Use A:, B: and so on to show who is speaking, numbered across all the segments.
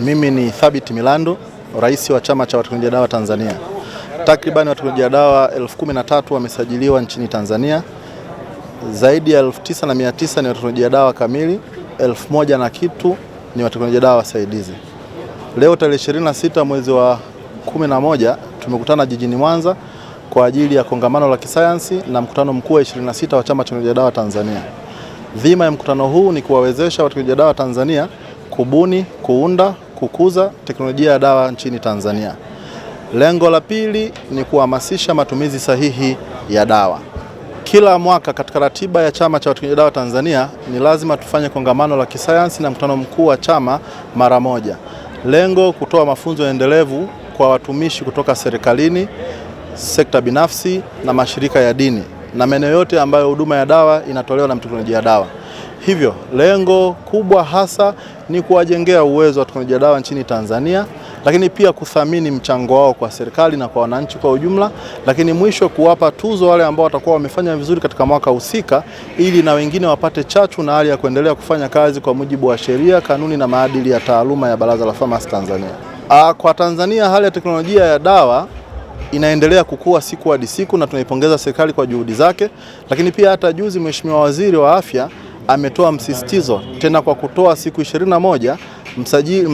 A: Mimi ni Thabit Milando, rais wa chama cha watengenezaji dawa Tanzania. Takriban watengenezaji dawa elfu kumi na tatu wamesajiliwa nchini Tanzania. Zaidi ya elfu tisa na mia tisa ni watengenezaji dawa kamili, elfu moja na kitu ni watengenezaji dawa wasaidizi. Leo tarehe 26 mwezi wa 11 tumekutana jijini Mwanza kwa ajili ya kongamano la kisayansi na mkutano mkuu wa 26 wa chama cha watengenezaji dawa Tanzania. Dhima ya mkutano huu ni kuwawezesha watengenezaji dawa Tanzania kubuni, kuunda, kukuza teknolojia ya dawa nchini Tanzania. Lengo la pili ni kuhamasisha matumizi sahihi ya dawa. Kila mwaka katika ratiba ya Chama cha watumiaji Dawa Tanzania ni lazima tufanye kongamano la kisayansi na mkutano mkuu wa chama mara moja. Lengo kutoa mafunzo endelevu kwa watumishi kutoka serikalini, sekta binafsi na mashirika ya dini na maeneo yote ambayo huduma ya dawa inatolewa na teknolojia ya dawa. Hivyo lengo kubwa hasa ni kuwajengea uwezo watumiaji wa dawa nchini Tanzania, lakini pia kuthamini mchango wao kwa serikali na kwa wananchi kwa ujumla, lakini mwisho kuwapa tuzo wale ambao watakuwa wamefanya vizuri katika mwaka husika, ili na wengine wapate chachu na hali ya kuendelea kufanya kazi kwa mujibu wa sheria, kanuni na maadili ya taaluma ya Baraza la Famasi Tanzania. Aa, kwa Tanzania hali ya teknolojia ya dawa inaendelea kukua siku hadi siku na tunaipongeza serikali kwa juhudi zake, lakini pia hata juzi Mheshimiwa Waziri wa Afya ametoa msisitizo tena kwa kutoa siku 21 msajili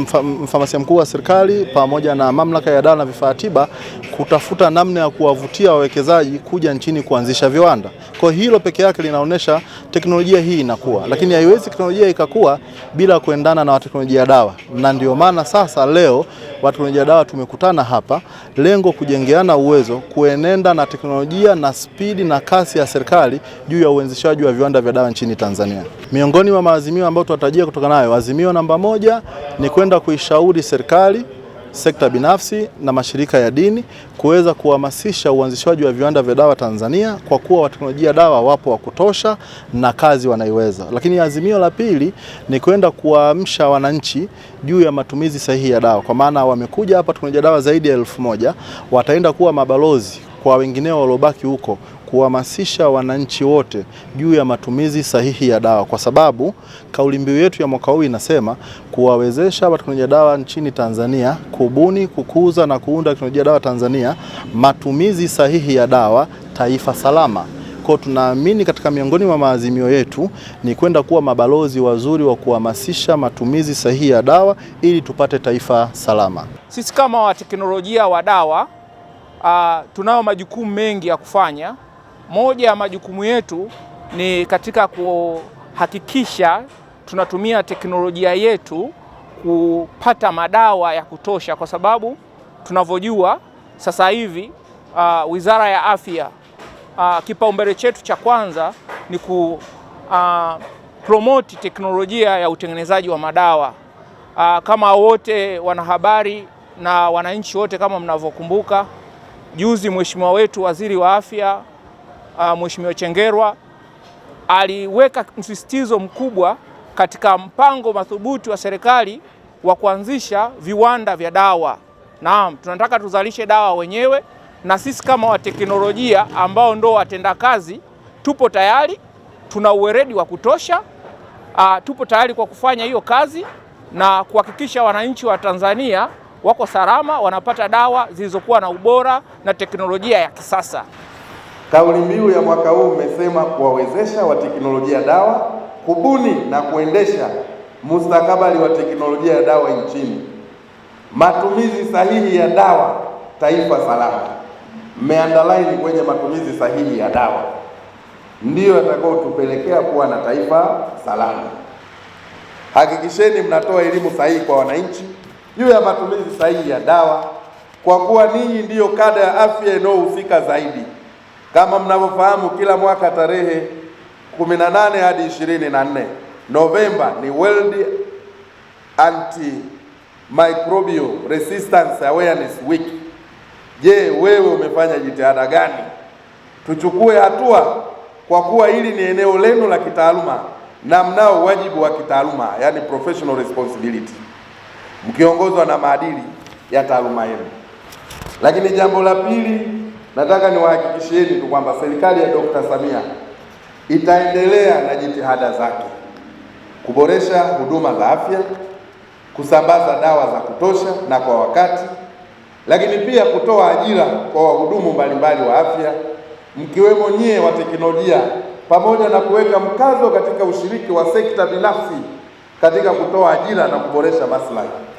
A: mfamasia mkuu wa serikali pamoja na mamlaka ya dawa na vifaa tiba kutafuta namna ya kuwavutia wawekezaji kuja nchini kuanzisha viwanda. Kwa hilo peke yake linaonyesha teknolojia hii inakuwa, lakini haiwezi teknolojia ikakua bila kuendana na teknolojia ya dawa, na ndio maana sasa leo Watumiaji dawa tumekutana hapa, lengo kujengeana uwezo, kuenenda na teknolojia na spidi na kasi ya serikali juu ya uanzishaji wa viwanda vya dawa nchini Tanzania. Miongoni mwa maazimio ambayo tunatarajia kutoka nayo, azimio namba moja ni kwenda kuishauri serikali sekta binafsi na mashirika ya dini kuweza kuhamasisha uanzishwaji wa viwanda vya dawa Tanzania, kwa kuwa wateknolojia dawa wapo wa kutosha na kazi wanaiweza. Lakini azimio la pili ni kwenda kuwaamsha wananchi juu ya matumizi sahihi ya dawa, kwa maana wamekuja hapa teknolojia dawa zaidi ya elfu moja wataenda kuwa mabalozi kwa wengineo waliobaki huko kuhamasisha wananchi wote juu ya matumizi sahihi ya dawa, kwa sababu kauli mbiu yetu ya mwaka huu inasema kuwawezesha wateknolojia dawa nchini Tanzania kubuni, kukuza na kuunda teknolojia dawa Tanzania, matumizi sahihi ya dawa, taifa salama. Kwa tunaamini katika miongoni mwa maazimio yetu ni kwenda kuwa mabalozi wazuri wa kuhamasisha matumizi sahihi ya dawa ili tupate taifa salama.
B: Sisi kama wateknolojia wa dawa uh, tunayo majukumu mengi ya kufanya moja ya majukumu yetu ni katika kuhakikisha tunatumia teknolojia yetu kupata madawa ya kutosha, kwa sababu tunavyojua sasa hivi uh, Wizara ya Afya uh, kipaumbele chetu cha kwanza ni ku uh, promote teknolojia ya utengenezaji wa madawa uh, kama wote wanahabari na wananchi wote, kama mnavyokumbuka, juzi mheshimiwa wetu waziri wa afya uh, Mheshimiwa Chengerwa aliweka msisitizo mkubwa katika mpango madhubuti wa serikali wa kuanzisha viwanda vya dawa. Naam, tunataka tuzalishe dawa wenyewe na sisi kama wateknolojia ambao ndo watenda kazi tupo tayari, tuna uweredi wa kutosha uh, tupo tayari kwa kufanya hiyo kazi na kuhakikisha wananchi wa Tanzania wako salama, wanapata dawa zilizokuwa na ubora na teknolojia ya kisasa.
C: Kauli mbiu ya mwaka huu umesema kuwawezesha wateknolojia dawa kubuni na kuendesha mustakabali wa teknolojia ya dawa nchini, matumizi sahihi ya dawa, taifa salama. Mmeandalaini kwenye matumizi sahihi ya dawa ndiyo yatakaotupelekea kuwa na taifa salama. Hakikisheni mnatoa elimu sahihi kwa wananchi juu ya matumizi sahihi ya dawa, kwa kuwa ninyi ndiyo kada ya afya inayohusika zaidi. Kama mnavyofahamu, kila mwaka tarehe 18 hadi 24 Novemba ni World Antimicrobial Resistance Awareness Week. Je, wewe umefanya jitihada gani? Tuchukue hatua kwa kuwa hili ni eneo lenu la kitaaluma na mnao wajibu wa kitaaluma, yani professional responsibility, mkiongozwa na maadili ya taaluma yenu. Lakini jambo la pili Nataka niwahakikishieni tu kwamba serikali ya Dkt. Samia itaendelea na jitihada zake kuboresha huduma za afya, kusambaza dawa za kutosha na kwa wakati, lakini pia kutoa ajira kwa wahudumu mbalimbali wa afya mkiwemo nyie wa teknolojia, pamoja na kuweka mkazo katika ushiriki wa sekta binafsi katika kutoa ajira na kuboresha maslahi.